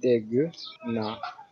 dégg naa